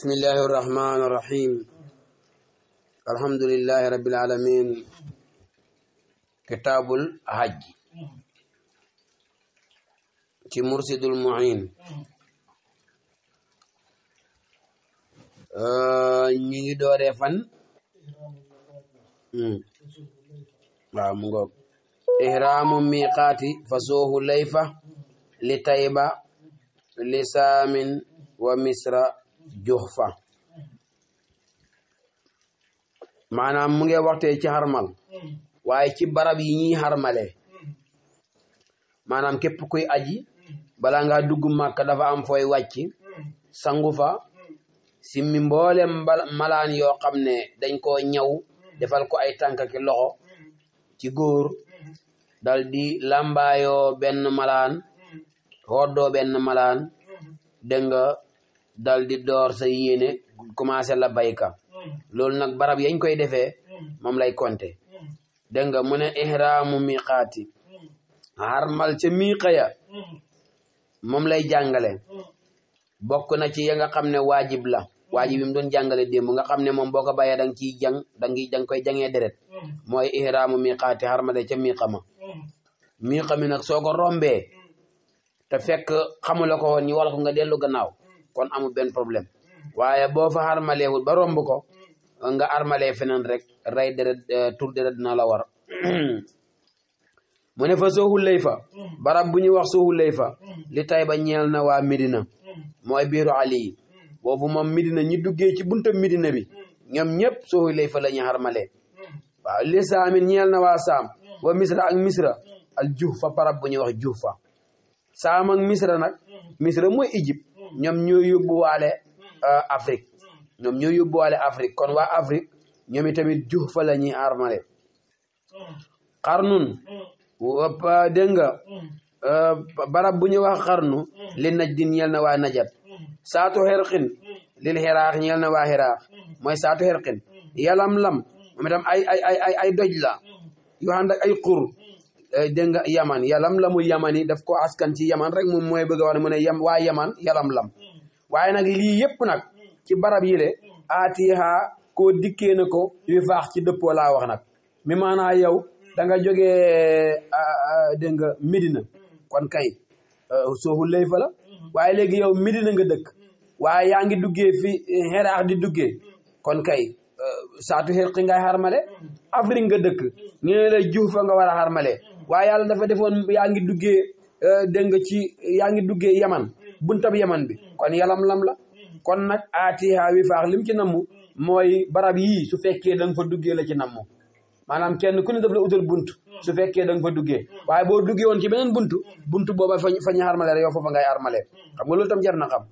بسم الله الرحمن الرحيم الحمد لله رب العالمين كتاب الحج تي مرشد المعين ا آه، نيغي دوري فان ام آه، مغو احرام ميقات فزوه ليفه لتيبه لسام ومصر jox fa maanaam mu ngi waxtee ci xarmal waaye ci barab yi ñuy xarmale maanaam képp kuy aji bala nga dugg Màkka dafa am fooy wàcc sangu fa simmi mboolem malaan yoo xam ne dañ koo ñaw defal ko ay tànk ki loxo ci góor dal di lambaayoo benn malaan xoddoo benn malaan dégg dal di door sa yéene commencé la bayka mm. loolu nag barab yañ koy defee mm. moom lay compter mm. dégg nga mu ne ihraamu miqaati harmal ca miqa ya moom lay jàngale bokk na ci ya nga xam ne waajib la waajib yi mu doon jàngale démb nga xam ne moom boo ko bàyyee da nga ciy jàng da koy jàngee deret mooy ihraamu miqaati harmale ca miqa ma miqa mi nag soo ko rombee te fekk xamu ko woon ñu wala ko nga dellu gannaaw kon amul ben problem. waye ya fa armalewul ba romb ko nga armalee fenen rek ray deret euh, tur deret dina la war mune fa sohul fa barab buñu wax sohul fa li tay ba ñeel na wa Medina moy biiru ali boobu mom Medina ñi duggé ci buntu Medina bi ñom ñep sohul leifa la ñi xarmalee wa li saamin ñeel na wa saam wa misra ak misra al juhfa barab buñu wax juhfa saam ak misra nak, misra moy egypte ñoom ñoo yóbbuwaale hmm. euh, Afrique hmm. ñoom ñoo yóbbuwaale Afrique kon waa Afrique ñoom itamit jux fa la ñuy armale hmm. xarnun dégg nga euh, barab bu ñuy wax xarnu li naj din ñeel na waa najat saatu xerqin lil xiraax ñeel na waa xiraax mooy saatu xerqin yalam lam moom itam la yoo xam ne Eh, dégg nga yaman yalam lamu yaman yi daf ko askan ci yaman rek moom mooy bëgg a wax ne mu ne yam waa yaman yalam hmm. waaye nag lii yëpp nag hmm. ci barab yi le aatiha hmm. koo dikkee na ko yu faax ci dëpp laa wax nag mi maanaa yow da nga jógee dégg nga Medina kon kay eh, sooxu lay fa la waaye léegi yow Medina nga dëkk waaye yaa ngi duggee fi xeraax eh, di duggee kon kay saatu xerqi ngay xarmale Afrique nga dëkk ñu ne la fa nga war a xarmale waaye yàlla dafa defoon yaa ngi duggee euh, dégg nga ci yaa ngi duggee yaman buntab yaman bi kon yalam lam la kon nag aatiha wi faax lim ci namm mooy barab yii su fekkee da nga fa duggee la ci namm maanaam kenn ku ne daf la utal bunt su fekkee da nga fa duggee waaye boo duggee woon ci beneen buntu bunt booba fa fa ñu armale rek yow foofa ngay armale xam nga loolu tam jar na xam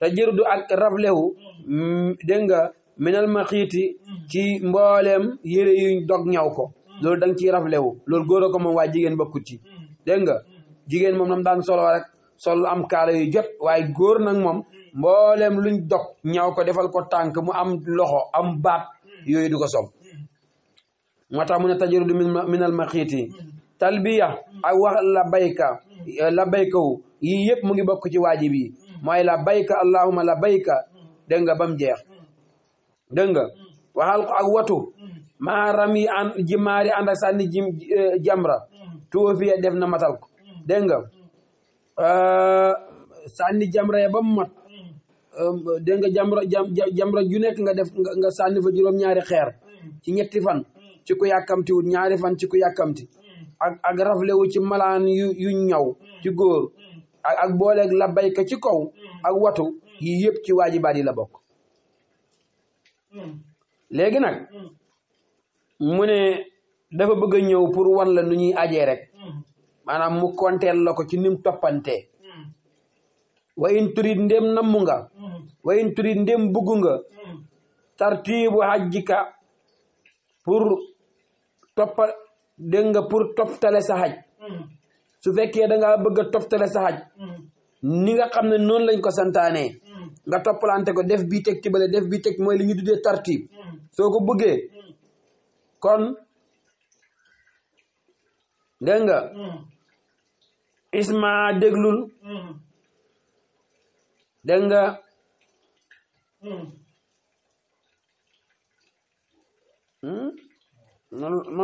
te jëru du ak raflewu mm, dégg nga minal ma xiiti ci mbooleem yére yi dog ñaw ko loolu dang ci ciy raflewu loolu góor ko mom waaye jigen bokkut ci hmm. dégg nga hmm. jigen mom nam daan solo rek sol am kala yu jot way góor nak mom hmm. mbollem luñ ñaw ko defal ko tank mu am loxo am baat yoy du ko sol mata mun mu min al minal talbiya ay wax la bayka eh, la baykawu yi yep mu ngi bokk ci waajib yi mooy la bayka allahumma la bayka dégg nga bam jeex nga waxal ko ak watu maa yi an jimaari ànd ak sànni jim eh, jamra mm-hmm. tuwa fiya def na matal ko mm-hmm. dégg nga mm-hmm. eh, sànni jamra ba mu mat eh, dégg nga jamra ju nekk nga def nga sànni fa juróom ñaari xeer ci ñetti fan ci ku yàkkamti wut ñaari fan ci ku yàkkamti ak ak raflewu ci malaan yu ñaw ci góor ak boole booleeg la bayka ci kaw ak watu yi yëpp ci waajibaat yi la bokk léegi nag mu ne dafa bëgg a ñëw pour wan la nu ñuy ajee rek hmm. maanaam mu la ko ci nim toppante hmm. wa in turit ndem namm nga hmm. wa in turit ndem bugg nga tartibu hajjika pour toppa dégg nga pour toftale sa haj su fekkee da ngaa bëgg a toftale sa nga xam ne noonu lañ ko santaanee nga toppalante ko def bii teg ci bële def bii teg mooy li ñu kon dégg nga hmm. isma déglul hmm. dégg nga man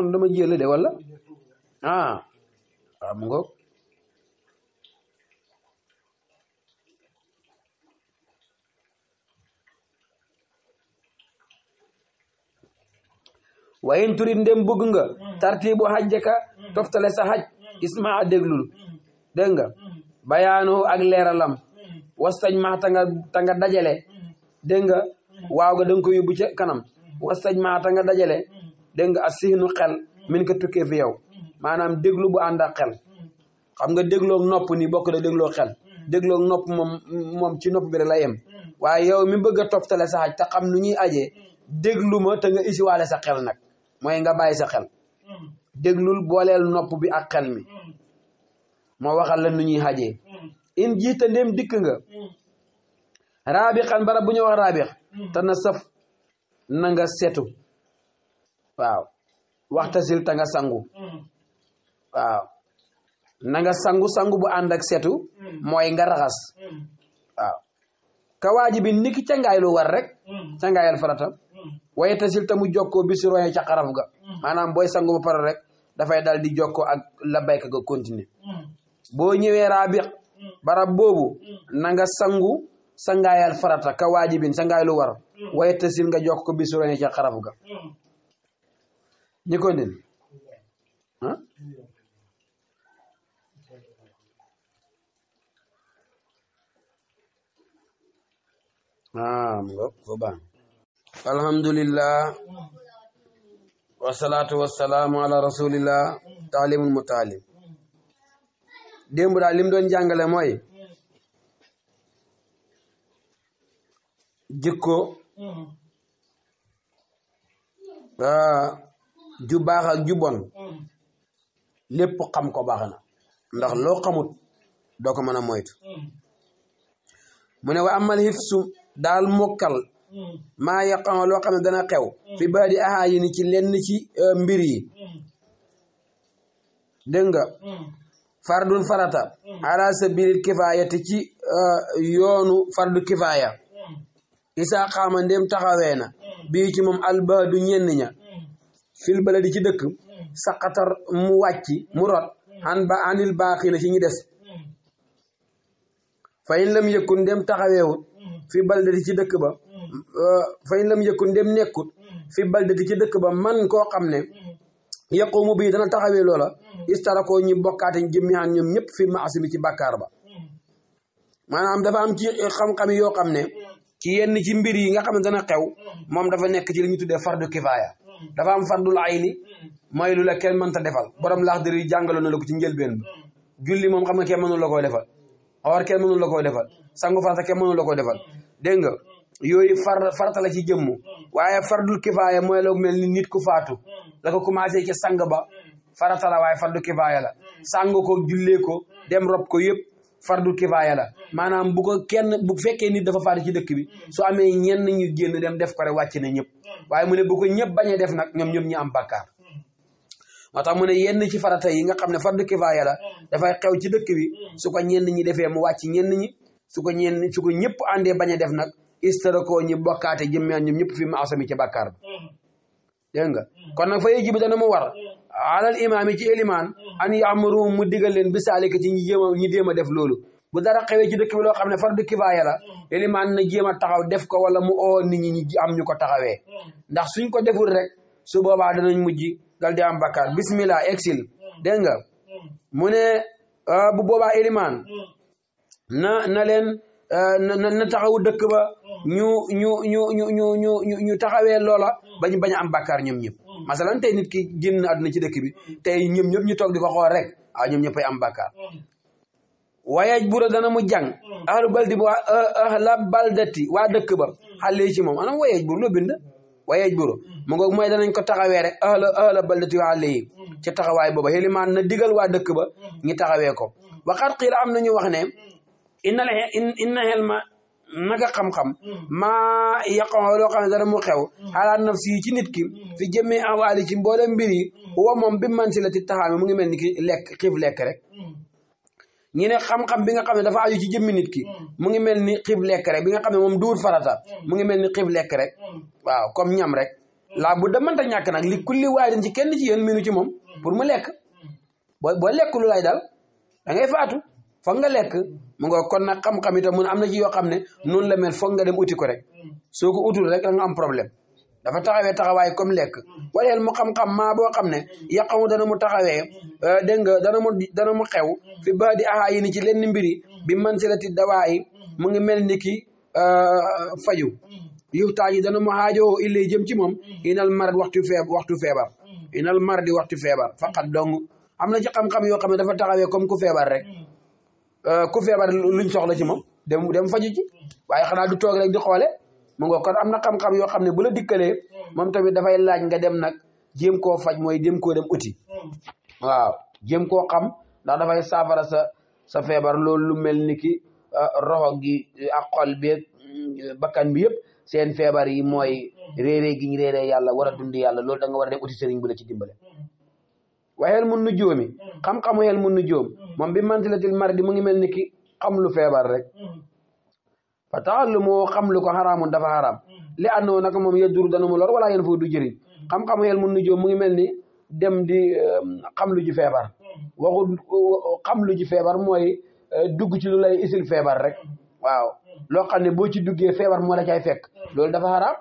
hmm. dama jël de wala ah waaw ah, mu wa in turid ndem bëgg nga hmm. tartibu hajjaka hmm. toftale sa haj hmm. ismaa deglul dégg nga bayaanu ak leralam ma ta nga ta nga dajale denga nga waaw ga dang ko ci kanam wasaj ma ta nga dajale denga nga a xel min ko tukke fi yow manam deglu bu anda ak xel xam nga ak nopp ni bokk da dégloo xel ak nopp mom mom ci nopp bi la yem waaye yow mi bëgg a toftale sa haj te xam nu ñuy aje te nga isiwaale sa xel nag mooy nga bàyyi sa xel déglul booleel nopp bi ak xel mi ma waxal la nu ñuy xajee in jiita ndéem dikk nga raabixan barab bu wax raabix saf na nga setu waaw waxtasil ta nga sangu waaw na nga sangu-sangu bu andak setu mooy nga raxas waaw ka bi niki cangaay lu war rek faratam waye tasil tamu mu jokko bi ci xaram ga hmm. manam boy sangu ba par rek fay dal di joko ak la bayka ga continue hmm. bo ñewé rabiq hmm. barab bobu na nga sangu sangaayal farata ka waajibin sangaay lu war waye tasil nga joko ci xaram ga ñiko nin ha Ah, ngok, gobang alhamdulillah Wassalatu wassalamu ala rasulillah taalimul mutaalim démb daal lim doon jàngale mooy jikko ah, ju baax ak ju bon lépp xam ko baax na ndax loo xamut doo ko mën wa amal hifsu dal mokal maa yaqama loo xam ne dana xew fi baadi ahaa yi ci lenn ci e, mbir yi dégg nga fardun farata ala sabilil kifaayati ci e, yoonu fardu kifaaya isaa xaama ndéem taxawee na bii ci moom albaadu ñenn ña fil baladi ci dëkk saqatar mu wàcc mu rot an ba anil baaxi na ci ñi des fa in lam yëkkun ndéem taxaweewut fi baladi ci dëkk ba fay na yëkkun dem nekkut fi baldati ci dëkk ba man koo xam ne mu bii dana taxawee loola mm-hmm. istarakoo ñi bokkaate jëmmi aan ñoom ñëpp fi maasimi ci bàkkaar ba mm-hmm. maanaam dafa am ci xam yoo xam ne mm-hmm. ci yenn ci mbir yi nga xam ne dana xew moom dafa nekk ci li ñu tuddee fardu kifaaya dafa am fardul ayni mooy lu la kenn ta defal borom laax dër yi jàngaloon na la ko ci njëlbeen bi julli moom xam nga kenn mënul la defal or kenn mënul la defal sangu farata kenn mënul la koy defal dégg yooyu far farata la ci jëmm hmm. waaye fardul kifaaya mooy la mel ni nit ku faatu hmm. la ko commencé ci sang ba hmm. farata la waaye fardu kifaaya la sang ko jullee ko dem rob ko yëpp fardu kifaaya la maanaam bu ko kenn bu fekkee nit dafa faatu ci dëkk bi su amee ñenn ñu génn dem def ko rek na ñëpp waaye mu ne bu ko ñëpp bañee def nag ñoom ñoom ñu am bàkkaar moo tax mu ne yenn ci farata yi nga xam ne fardu kifaaya la dafay xew ci dëkk bi su ko ñenn ñi defee mu wàcc ñenn ñi su ko ñenn su ko ñëpp àndee bañ a def nag istarakoo ñi bokkaate a ñoom ñëpp fi maasami ci bàkkaar ba mm-hmm. dégg nga mm-hmm. kon nag fa yajibu dana mu war mm-hmm. a imaam yi ci élimaan an yaamuru mu digal leen bisaalika ci ñi jéem a ñi déem a def loolu bu dara xewee ci dëkk bi loo xam ne fardu kifaaya la élimaan na jéem a taxaw def ko wala mu oo nit ñi ñi am ñu ko taxawee ndax suñ ko deful rek su boobaa danañ mujj dal di am bàkkaar bismillah exil dégg mu ne ah, bu boobaa élimaan na na leen ah, na taxawu dëkk ba ñu ñu ñu ñu ñu ñu ñu taxawee loola ba ñu bañ am bàkkaar ñoom ñëpp masalan tey nit ki génn àdduna ci dëkk bi te ñoom ñëpp ñu toog di ko xool rek ah ñoom ñëppay am bàkkaar waaye bura dana mu jàng ahlu baldi bu eh, ahla baldati waa dëkk ba xale yi ci moom anam wayeej buru loo bind wayeej buru mu ngoog mooy danañ ko taxawee rek ahla ahla baldati waa xale yi ci taxawaay booba ma na digal wa dëkk ba ñu taxawe ko waxaat xiila am nañu wax ne inna inna naka xam-xam mm. maa yaqamoo loo xam ne dara mu xew xalaat mm. naf si ci nit ki mm. fi jëmmee awaali ci mboolem mbir yi wa moom bi man si la ti taxaame mu ngi mel ni ki lekk xiif lekk rek ñu ne xam bi nga xam ne dafa aju ci jëmmi nit ki mu ngi mel ni xiif lekk rek bi nga xam ne moom du duur farata mu ngi mel ni xiif lekk rek waaw comme ñam rek laa bu da mënta ñàkk nag li kulli waay dañ ci kenn ci yéen minu ci moom pour mu lekk boo boo lekk lu lay dal da faatu foog nga lekk mu nga kon nag xam-xam itam mun am na ci yoo xam ne noonu la mel foog nga dem uti ko rek soo ko utul rek da nga am problème dafa taxawee taxawaay comme lekk waleel mu xam-xam maa boo xam ne yàqamu dana mu taxawee euh, dégg nga dana mu dana mu xew fi ba di aha yi ni ci lenn mbiri bi man silati dawaa yi mu ngi mel ni ki euh, faju yuxtaaji dana mu xaajoo illay jëm ci moom inal mar waxtu feeb waxtu feebar inal mar di waxtu feebar faqat dong am na ci xam-xam yoo xam ne dafa taxawee comme ku feebar rek Euh, ku feebar luñ soxla ci moom dem dem faju ci waaye xanaa du toog rek di xoole mu nga am na xam yoo xam ne bu la dikkalee moom tamit dafay laaj nga dem nag jéem koo faj mooy jëm koo dem uti waaw jéem koo xam ndax dafay saafara sa sa feebar loolu lu mel ni ki euh, roxo gi ak xol bi mm, bakkan bi yëpp seen feebar yi mooy mm. réere gi ñu réere yàlla war a dund yàlla loolu da nga a dem uti sëriñ bu la ci dimbale wa ilmu nujumi mm. xam-xamu ilmu nujum mom mm. bi manzilatil mardi mu ngi melni ki xam lu febar rek mm. fa ta'allamu xam lu ko xaraamun dafa haram. li anno nak mom yeddur dana mu lor wala yen fo du jeri xam-xamu ilmu nujum mu ngi melni dem di xam lu ji febar waxu xam lu ji febar moy eh, dugg ci lu lay isil febar rek waaw lo xamne ne ci duggee febar mo la cay fekk loolu dafa haram.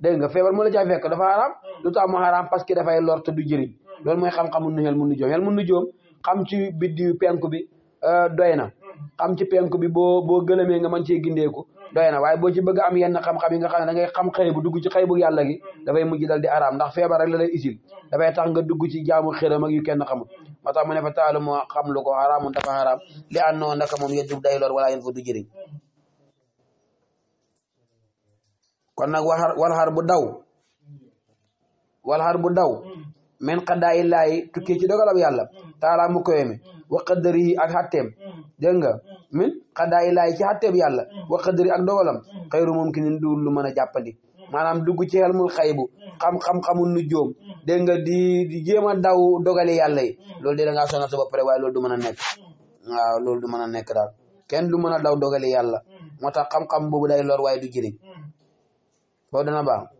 deug nga febar mo la cay fekk dafa xaraam lu tax mu parce que fay lor te du jeri loolu mooy xam-xamu nu mu nu joom yàlla mun nu joom xam ci biddiw penku bi euh, doy na xam ci penku bi boo boo gëlëmee nga mën cee gindeeku doy na waaye bo ci bëgg am yenn xam-xam yi nga xam ne da ngay xam xëy bu dugg ci xëy bu yàlla gi dafay mujj dal di araam ndax feebar rek la lay isil dafay tax nga dugg ci jaamu xëram ak yu kenn xamul moo tax mu ne fa taalu moo xam lu ko xaraamun dafa xaraam li àndoon ndaka moom yeddu day lor wala yéen fa du jëriñ kon xar bu daw wal xar bu daw men xaddaa illaahi tukkee ci dogalab yàlla taalaa mu wa qadari yi ak xatteem dégg nga min xaddaa illaahi ci xatteem yàlla wa qadari ak dogalam xayru mumkinin duul lu mën a jàppandi maanaam dugg ci xelmul xaybu xam-xam-xamu nu joom dégg nga di di jéem a daw dogali yàlla yi loolu de da ngaa sonal sa bopp rek waaye du mën a nekk waaw loolu du mën a nekk daal kenn du mën a daw dogali yàlla moo tax xam-xam boobu day lor waaye du jëriñ boobu dana baax